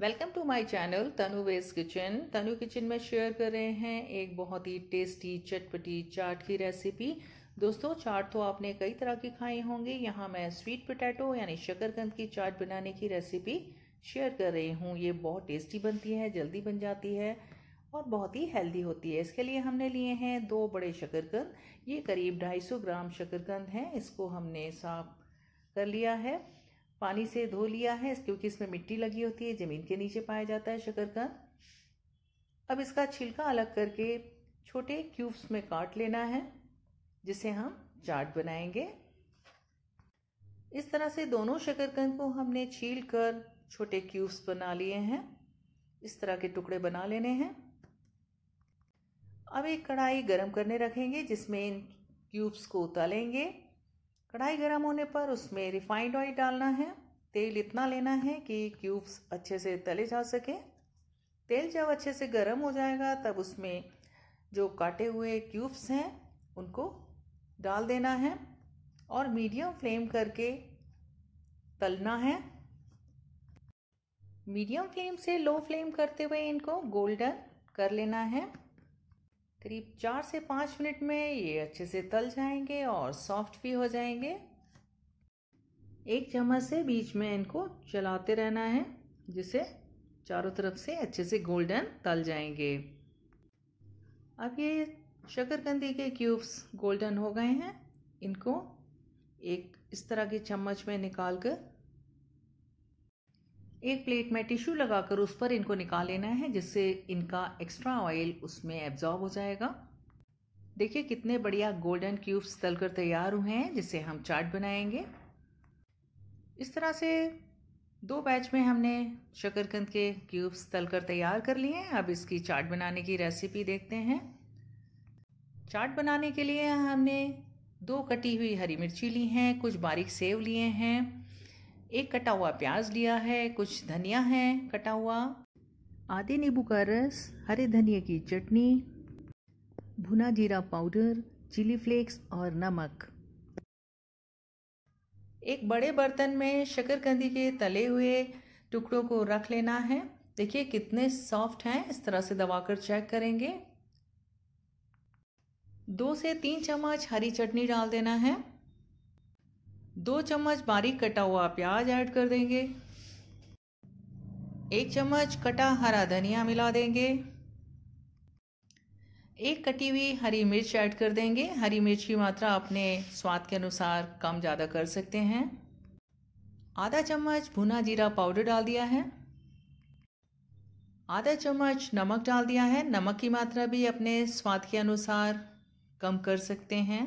welcome to my channel Tanu veg kitchen Tanu kitchen में share कर रहे हैं एक बहुत ही टेस्टी चटपटी चाट की रेसिपी दोस्तों चाट तो आपने कई तरह की खाई होंगी यहाँ मैं स्वीट पोटैटो यानी शकरकंद की चाट बनाने की रेसिपी शेयर कर रही हूँ ये बहुत टेस्टी बनती है जल्दी बन जाती है और बहुत ही हेल्दी होती है इसके लिए हमने लिए हैं दो बड़े शकरकंद ये करीब 250 ग्राम शकरकंद हैं इसको हमने साफ कर लिया है पानी से धो लिया है क्योंकि इसमें मिट्टी लगी होती है ज़मीन के नीचे पाया जाता है शकरकंद अब इसका छिलका अलग करके छोटे क्यूब्स में काट लेना है जिसे हम चाट बनाएंगे इस तरह से दोनों शकरकंद को हमने छील कर छोटे क्यूब्स बना लिए हैं इस तरह के टुकड़े बना लेने हैं अब एक कढ़ाई गरम करने रखेंगे जिसमें इन क्यूब्स को उतारेंगे कढ़ाई गर्म होने पर उसमें रिफाइंड ऑयल डालना है तेल इतना लेना है कि क्यूब्स अच्छे से तले जा सके तेल जब अच्छे से गर्म हो जाएगा तब उसमें जो काटे हुए क्यूब्स हैं उनको डाल देना है और मीडियम फ्लेम करके तलना है मीडियम फ्लेम से लो फ्लेम करते हुए इनको गोल्डन कर लेना है करीब चार से पाँच मिनट में ये अच्छे से तल जाएंगे और सॉफ्ट भी हो जाएंगे एक चम्मच से बीच में इनको चलाते रहना है जिससे चारों तरफ से अच्छे से गोल्डन तल जाएंगे अब ये शकरकंदी के क्यूब्स गोल्डन हो गए हैं इनको एक इस तरह के चम्मच में निकाल कर एक प्लेट में टिश्यू लगाकर उस पर इनको निकाल लेना है जिससे इनका एक्स्ट्रा ऑयल उसमें एब्जॉर्ब हो जाएगा देखिए कितने बढ़िया गोल्डन क्यूब्स तलकर तैयार हुए हैं जिससे हम चाट बनाएंगे इस तरह से दो बैच में हमने शकरकंद के क्यूब्स तलकर तैयार कर लिए हैं अब इसकी चाट बनाने की रेसिपी देखते हैं चाट बनाने के लिए हमने दो कटी हुई हरी मिर्ची ली हैं कुछ बारीक सेव लिए हैं एक कटा हुआ प्याज लिया है कुछ धनिया है कटा हुआ आधे नींबू का रस हरे धनिया की चटनी भुना जीरा पाउडर चिली फ्लेक्स और नमक एक बड़े बर्तन में शकरकंदी के तले हुए टुकड़ों को रख लेना है देखिए कितने सॉफ्ट हैं इस तरह से दबाकर चेक करेंगे दो से तीन चम्मच हरी चटनी डाल देना है दो चम्मच बारीक कटा हुआ प्याज ऐड कर देंगे एक चम्मच कटा हरा धनिया मिला देंगे एक कटी हुई हरी मिर्च ऐड कर देंगे हरी मिर्च की मात्रा अपने स्वाद के अनुसार कम ज़्यादा कर सकते हैं आधा चम्मच भुना जीरा पाउडर डाल दिया है आधा चम्मच नमक डाल दिया है नमक की मात्रा भी अपने स्वाद के अनुसार कम कर सकते हैं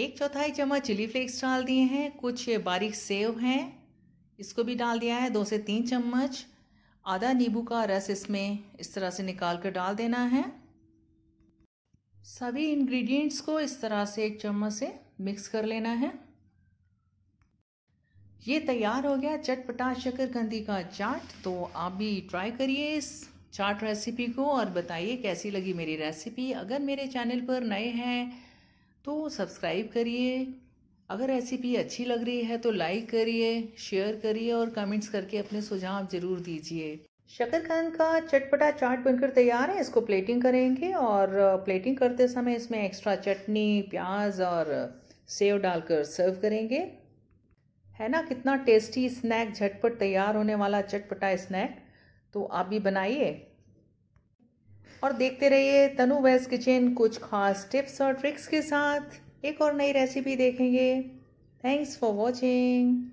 एक चौथाई चम्मच चिली फ्लेक्स डाल दिए हैं कुछ बारीक सेव हैं इसको भी डाल दिया है दो से तीन चम्मच आधा नींबू का रस इसमें इस तरह से निकाल कर डाल देना है सभी इंग्रेडिएंट्स को इस तरह से एक चम्मच से मिक्स कर लेना है ये तैयार हो गया चटपटा शक्करकंदी का चाट तो आप भी ट्राई करिए इस चाट रेसिपी को और बताइए कैसी लगी मेरी रेसिपी अगर मेरे चैनल पर नए हैं तो सब्सक्राइब करिए अगर रेसिपी अच्छी लग रही है तो लाइक करिए शेयर करिए और कमेंट्स करके अपने सुझाव ज़रूर दीजिए शकरकंद का चटपटा चाट बनकर तैयार है इसको प्लेटिंग करेंगे और प्लेटिंग करते समय इसमें एक्स्ट्रा चटनी प्याज और सेव डालकर सर्व करेंगे है ना कितना टेस्टी स्नैक झटपट तैयार होने वाला चटपटा स्नैक तो आप भी बनाइए और देखते रहिए तनु वेस्ट किचन कुछ खास टिप्स और ट्रिक्स के साथ एक और नई रेसिपी देखेंगे थैंक्स फॉर वॉचिंग